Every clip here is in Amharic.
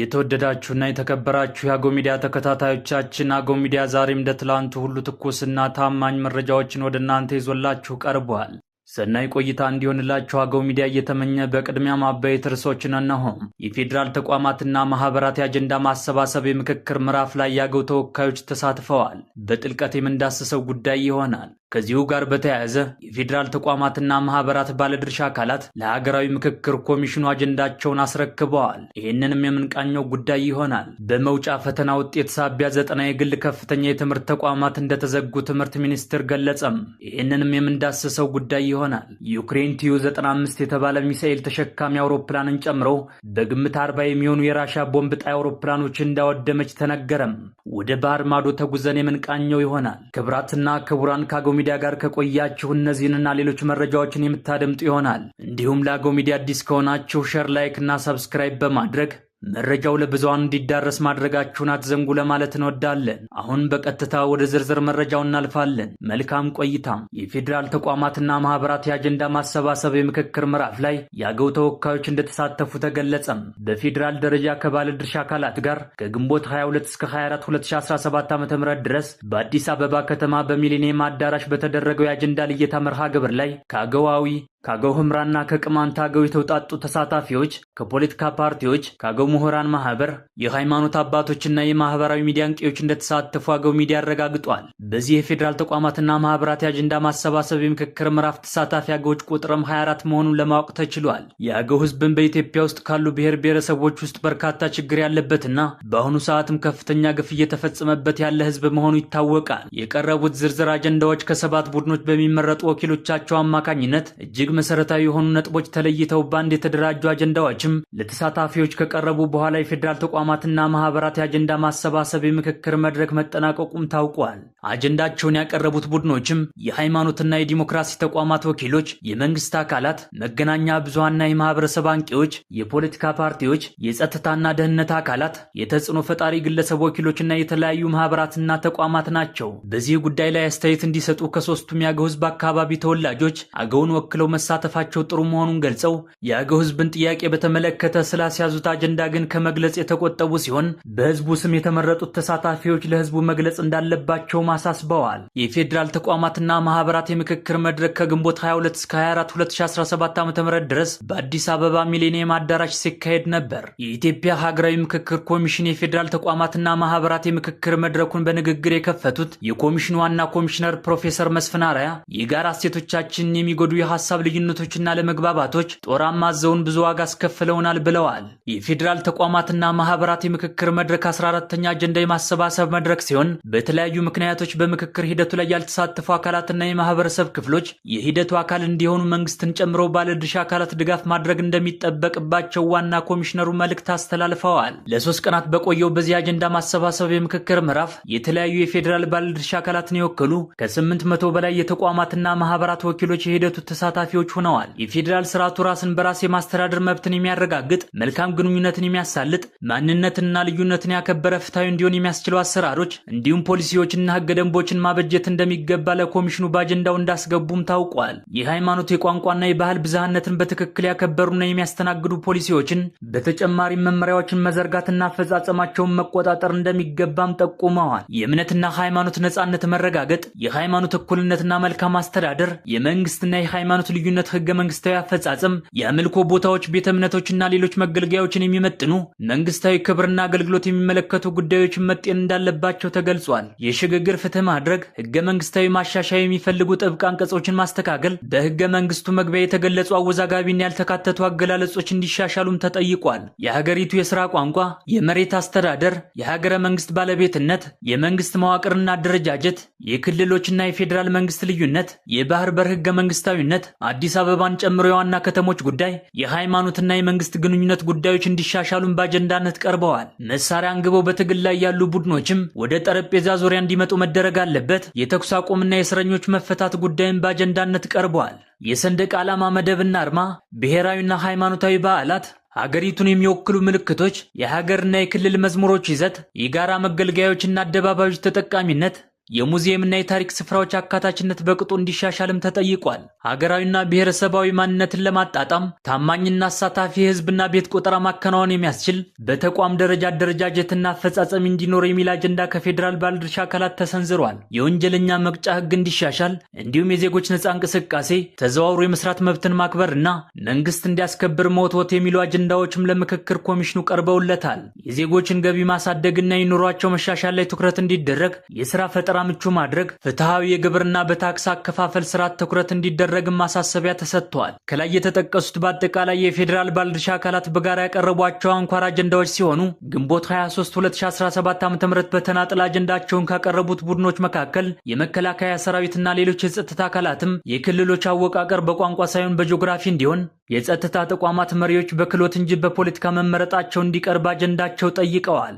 የተወደዳችሁና የተከበራችሁ የአጎ ሚዲያ ተከታታዮቻችን አጎ ሚዲያ ዛሬም እንደ ትላንቱ ሁሉ ትኩስና ታማኝ መረጃዎችን ወደ እናንተ ይዞላችሁ ቀርቧል። ሰናይ ቆይታ እንዲሆንላችሁ አገው ሚዲያ እየተመኘ በቅድሚያ ማበይት ርዕሶችን እነሆም። የፌዴራል ተቋማትና ማህበራት የአጀንዳ ማሰባሰብ የምክክር ምዕራፍ ላይ ያገው ተወካዮች ተሳትፈዋል። በጥልቀት የምንዳስሰው ጉዳይ ይሆናል። ከዚሁ ጋር በተያያዘ የፌዴራል ተቋማትና ማህበራት ባለድርሻ አካላት ለሀገራዊ ምክክር ኮሚሽኑ አጀንዳቸውን አስረክበዋል። ይህንንም የምንቃኘው ጉዳይ ይሆናል። በመውጫ ፈተና ውጤት ሳቢያ ዘጠና የግል ከፍተኛ የትምህርት ተቋማት እንደተዘጉ ትምህርት ሚኒስትር ገለጸም። ይህንንም የምንዳስሰው ጉዳይ ይሆናል። ዩክሬን ቲዩ 95 የተባለ ሚሳኤል ተሸካሚ አውሮፕላንን ጨምሮ በግምት አርባ የሚሆኑ የራሻ ቦምብ ጣይ አውሮፕላኖች እንዳወደመች ተነገረም። ወደ ባህር ማዶ ተጉዘን የምንቃኘው ይሆናል። ክብራትና ክቡራን ከአጎሚዲያ ጋር ከቆያችሁ እነዚህንና ሌሎች መረጃዎችን የምታደምጡ ይሆናል። እንዲሁም ለአገው አዲስ ከሆናችሁ ሸር፣ ላይክ እና ሰብስክራይብ በማድረግ መረጃው ለብዙሃን እንዲዳረስ ማድረጋችሁን አትዘንጉ ለማለት እንወዳለን። አሁን በቀጥታ ወደ ዝርዝር መረጃው እናልፋለን። መልካም ቆይታም። የፌዴራል ተቋማትና ማህበራት የአጀንዳ ማሰባሰብ የምክክር ምዕራፍ ላይ የአገው ተወካዮች እንደተሳተፉ ተገለጸም። በፌዴራል ደረጃ ከባለ ድርሻ አካላት ጋር ከግንቦት 22 እስከ 24 2017 ዓ ም ድረስ በአዲስ አበባ ከተማ በሚሊኒየም አዳራሽ በተደረገው የአጀንዳ ልየታ መርሃ ግብር ላይ ከአገዋዊ ከአገው ህምራና ከቅማንት አገው የተውጣጡ ተሳታፊዎች፣ ከፖለቲካ ፓርቲዎች፣ ከአገው ምሁራን ማህበር፣ የሃይማኖት አባቶችና የማህበራዊ ሚዲያ አንቂዎች እንደተሳተፉ አገው ሚዲያ አረጋግጧል። በዚህ የፌዴራል ተቋማትና ማህበራት የአጀንዳ ማሰባሰብ የምክክር ምዕራፍ ተሳታፊ አገዎች ቁጥርም 24 መሆኑን ለማወቅ ተችሏል። የአገው ህዝብን በኢትዮጵያ ውስጥ ካሉ ብሔር ብሔረሰቦች ውስጥ በርካታ ችግር ያለበትና በአሁኑ ሰዓትም ከፍተኛ ግፍ እየተፈጸመበት ያለ ህዝብ መሆኑ ይታወቃል። የቀረቡት ዝርዝር አጀንዳዎች ከሰባት ቡድኖች በሚመረጡ ወኪሎቻቸው አማካኝነት እጅግ መሰረታዊ የሆኑ ነጥቦች ተለይተው በአንድ የተደራጁ አጀንዳዎችም ለተሳታፊዎች ከቀረቡ በኋላ የፌዴራል ተቋማትና ማህበራት የአጀንዳ ማሰባሰብ የምክክር መድረክ መጠናቀቁም ታውቋል። አጀንዳቸውን ያቀረቡት ቡድኖችም የሃይማኖትና የዲሞክራሲ ተቋማት ወኪሎች፣ የመንግስት አካላት፣ መገናኛ ብዙሃንና የማህበረሰብ አንቂዎች፣ የፖለቲካ ፓርቲዎች፣ የጸጥታና ደህንነት አካላት፣ የተጽዕኖ ፈጣሪ ግለሰብ ወኪሎችና የተለያዩ ማህበራትና ተቋማት ናቸው። በዚህ ጉዳይ ላይ አስተያየት እንዲሰጡ ከሶስቱም የአገው ህዝብ አካባቢ ተወላጆች አገውን ወክለው መሳተፋቸው ጥሩ መሆኑን ገልጸው የአገው ህዝብን ጥያቄ በተመለከተ ስላስያዙት አጀንዳ ግን ከመግለጽ የተቆጠቡ ሲሆን በህዝቡ ስም የተመረጡት ተሳታፊዎች ለህዝቡ መግለጽ እንዳለባቸውም አሳስበዋል። የፌዴራል ተቋማትና ማህበራት የምክክር መድረክ ከግንቦት 22 እስከ 24 2017 ዓ ም ድረስ በአዲስ አበባ ሚሌኒየም አዳራሽ ሲካሄድ ነበር። የኢትዮጵያ ሀገራዊ ምክክር ኮሚሽን የፌዴራል ተቋማትና ማህበራት የምክክር መድረኩን በንግግር የከፈቱት የኮሚሽኑ ዋና ኮሚሽነር ፕሮፌሰር መስፍን አርአያ የጋራ እሴቶቻችንን የሚጎዱ የሀሳብ ልዩነቶችና ለመግባባቶች ጦር አማዘውን ብዙ ዋጋ አስከፍለውናል ብለዋል። የፌዴራል ተቋማትና ማህበራት የምክክር መድረክ 14ተኛ አጀንዳ የማሰባሰብ መድረክ ሲሆን በተለያዩ ምክንያቶች በምክክር ሂደቱ ላይ ያልተሳተፉ አካላትና የማህበረሰብ ክፍሎች የሂደቱ አካል እንዲሆኑ መንግስትን ጨምሮ ባለድርሻ አካላት ድጋፍ ማድረግ እንደሚጠበቅባቸው ዋና ኮሚሽነሩ መልእክት አስተላልፈዋል። ለሶስት ቀናት በቆየው በዚህ አጀንዳ ማሰባሰብ የምክክር ምዕራፍ የተለያዩ የፌዴራል ባለድርሻ አካላትን የወከሉ ከ800 በላይ የተቋማትና ማህበራት ወኪሎች የሂደቱ ተሳታፊ ተላላኪዎች ሆነዋል። የፌዴራል ስርዓቱ ራስን በራስ የማስተዳደር መብትን የሚያረጋግጥ መልካም ግንኙነትን የሚያሳልጥ ማንነትንና ልዩነትን ያከበረ ፍትሐዊ እንዲሆን የሚያስችሉ አሰራሮች እንዲሁም ፖሊሲዎችና ህገ ደንቦችን ማበጀት እንደሚገባ ለኮሚሽኑ በአጀንዳው እንዳስገቡም ታውቋል። የሃይማኖት የቋንቋና የባህል ብዝሃነትን በትክክል ያከበሩና የሚያስተናግዱ ፖሊሲዎችን በተጨማሪም መመሪያዎችን መዘርጋትና አፈጻጸማቸውን መቆጣጠር እንደሚገባም ጠቁመዋል። የእምነትና ሃይማኖት ነጻነት መረጋገጥ፣ የሃይማኖት እኩልነትና መልካም አስተዳደር፣ የመንግስትና የሃይማኖት ልዩ ልዩነት ህገ መንግስታዊ አፈጻጸም የአምልኮ ቦታዎች፣ ቤተ እምነቶችና ሌሎች መገልገያዎችን የሚመጥኑ መንግስታዊ ክብርና አገልግሎት የሚመለከቱ ጉዳዮች መጤን እንዳለባቸው ተገልጿል። የሽግግር ፍትህ ማድረግ፣ ህገ መንግስታዊ ማሻሻያ የሚፈልጉ ጥብቅ አንቀጾችን ማስተካከል፣ በህገ መንግስቱ መግቢያ የተገለጹ አወዛጋቢና ያልተካተቱ አገላለጾች እንዲሻሻሉም ተጠይቋል። የሀገሪቱ የስራ ቋንቋ፣ የመሬት አስተዳደር፣ የሀገረ መንግስት ባለቤትነት፣ የመንግስት መዋቅርና አደረጃጀት፣ የክልሎችና የፌዴራል መንግስት ልዩነት፣ የባህር በር ህገ መንግስታዊነት አዲስ አበባን ጨምሮ የዋና ከተሞች ጉዳይ፣ የሃይማኖትና የመንግስት ግንኙነት ጉዳዮች እንዲሻሻሉን በአጀንዳነት ቀርበዋል። መሳሪያ አንግበው በትግል ላይ ያሉ ቡድኖችም ወደ ጠረጴዛ ዙሪያ እንዲመጡ መደረግ አለበት። የተኩስ አቁምና የእስረኞች መፈታት ጉዳይም በአጀንዳነት ቀርበዋል። የሰንደቅ ዓላማ መደብና አርማ፣ ብሔራዊና ሃይማኖታዊ በዓላት ሀገሪቱን የሚወክሉ ምልክቶች፣ የሀገርና የክልል መዝሙሮች ይዘት፣ የጋራ መገልገያዎችና አደባባዮች ተጠቃሚነት የሙዚየምና የታሪክ ስፍራዎች አካታችነት በቅጡ እንዲሻሻልም ተጠይቋል። ሀገራዊና ብሔረሰባዊ ማንነትን ለማጣጣም ታማኝና አሳታፊ የህዝብና ቤት ቆጠራ ማከናወን የሚያስችል በተቋም ደረጃ አደረጃጀትና አፈጻጸም እንዲኖር የሚል አጀንዳ ከፌዴራል ባለድርሻ አካላት ተሰንዝሯል። የወንጀለኛ መቅጫ ህግ እንዲሻሻል እንዲሁም የዜጎች ነፃ እንቅስቃሴ፣ ተዘዋውሮ የመስራት መብትን እና መንግስት እንዲያስከብር መወትወት የሚሉ አጀንዳዎችም ለምክክር ኮሚሽኑ ቀርበውለታል። የዜጎችን ገቢ ማሳደግና የኑሯቸው መሻሻል ላይ ትኩረት እንዲደረግ የስራ ፈጠራ ለፈጠራ ምቹ ማድረግ፣ ፍትሐዊ የግብርና በታክስ አከፋፈል ስርዓት ትኩረት እንዲደረግ ማሳሰቢያ ተሰጥተዋል። ከላይ የተጠቀሱት በአጠቃላይ የፌዴራል ባለድርሻ አካላት በጋራ ያቀረቧቸው አንኳር አጀንዳዎች ሲሆኑ ግንቦት 23 2017 ዓ ም በተናጠል አጀንዳቸውን ካቀረቡት ቡድኖች መካከል የመከላከያ ሰራዊትና ሌሎች የጸጥታ አካላትም የክልሎች አወቃቀር በቋንቋ ሳይሆን በጂኦግራፊ እንዲሆን፣ የጸጥታ ተቋማት መሪዎች በክሎት እንጂ በፖለቲካ መመረጣቸው እንዲቀርብ አጀንዳቸው ጠይቀዋል።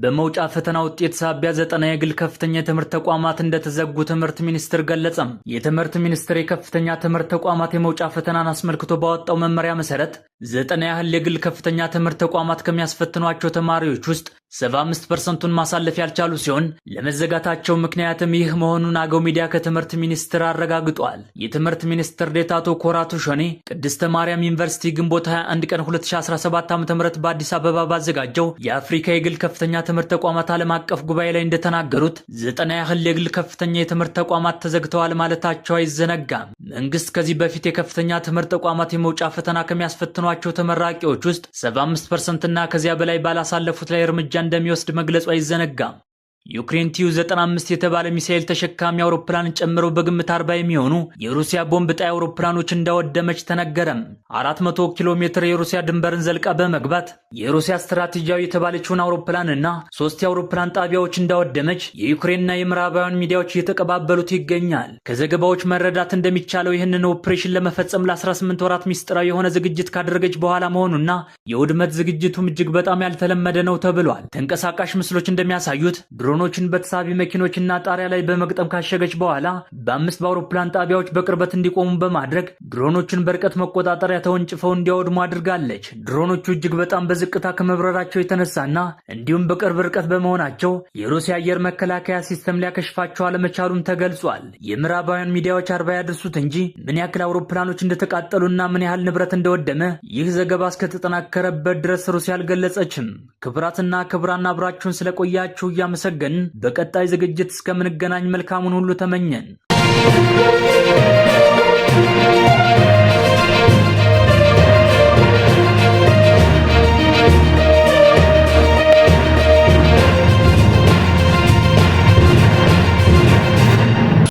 በመውጫ ፈተና ውጤት ሳቢያ ዘጠና የግል ከፍተኛ የትምህርት ተቋማት እንደተዘጉ ትምህርት ሚኒስትር ገለጸም። የትምህርት ሚኒስትር የከፍተኛ ትምህርት ተቋማት የመውጫ ፈተናን አስመልክቶ ባወጣው መመሪያ መሰረት ዘጠና ያህል የግል ከፍተኛ ትምህርት ተቋማት ከሚያስፈትኗቸው ተማሪዎች ውስጥ 75 ፐርሰንቱን ማሳለፍ ያልቻሉ ሲሆን ለመዘጋታቸው ምክንያትም ይህ መሆኑን አገው ሚዲያ ከትምህርት ሚኒስቴር አረጋግጧል። የትምህርት ሚኒስትር ዴታቶ አቶ ኮራቱ ሾኔ ቅድስተ ማርያም ዩኒቨርሲቲ ግንቦት 21 ቀን 2017 ዓ.ም በአዲስ አበባ ባዘጋጀው የአፍሪካ የግል ከፍተኛ ትምህርት ተቋማት ዓለም አቀፍ ጉባኤ ላይ እንደተናገሩት ዘጠና ያህል የግል ከፍተኛ የትምህርት ተቋማት ተዘግተዋል ማለታቸው አይዘነጋም። መንግስት ከዚህ በፊት የከፍተኛ ትምህርት ተቋማት የመውጫ ፈተና ከሚያስፈትኗቸው ተመራቂዎች ውስጥ 75 ፐርሰንትና ከዚያ በላይ ባላሳለፉት ላይ እርምጃ እንደሚወስድ መግለጹ አይዘነጋም። ዩክሬን ቲዩ 95 የተባለ ሚሳኤል ተሸካሚ አውሮፕላን ጨምሮ በግምት 40 የሚሆኑ የሩሲያ ቦምብ ጣይ አውሮፕላኖች እንዳወደመች ተነገረም። 400 ኪሎ ሜትር የሩሲያ ድንበርን ዘልቃ በመግባት የሩሲያ ስትራቴጂያዊ የተባለችውን እና ሶስት የአውሮፕላን ጣቢያዎች እንዳወደመች የዩክሬንና የምዕራባውያን ሚዲያዎች እየተቀባበሉት ይገኛል። ከዘገባዎች መረዳት እንደሚቻለው ይህንን ኦፕሬሽን ለመፈጸም ለ18 ወራት ሚስጥራዊ የሆነ ዝግጅት ካደረገች በኋላ መሆኑና የውድመት ዝግጅቱም እጅግ በጣም ያልተለመደ ነው ተብሏል። ተንቀሳቃሽ ምስሎች እንደሚያሳዩት ድሮ ድሮኖችን በተሳቢ መኪኖችና ጣሪያ ላይ በመግጠም ካሸገች በኋላ በአምስት በአውሮፕላን ጣቢያዎች በቅርበት እንዲቆሙ በማድረግ ድሮኖችን በርቀት መቆጣጠሪያ ተወንጭፈው እንዲያወድሙ አድርጋለች። ድሮኖቹ እጅግ በጣም በዝቅታ ከመብረራቸው የተነሳና እንዲሁም በቅርብ ርቀት በመሆናቸው የሩሲያ አየር መከላከያ ሲስተም ሊያከሽፋቸው አለመቻሉም ተገልጿል። የምዕራባውያን ሚዲያዎች አርባ ያደርሱት እንጂ ምን ያክል አውሮፕላኖች እንደተቃጠሉና ምን ያህል ንብረት እንደወደመ ይህ ዘገባ እስከተጠናከረበት ድረስ ሩሲያ አልገለጸችም። ክብራትና ክብራና አብራችሁን ስለቆያችሁ እያመሰግ ግን በቀጣይ ዝግጅት እስከምንገናኝ መልካሙን ሁሉ ተመኘን።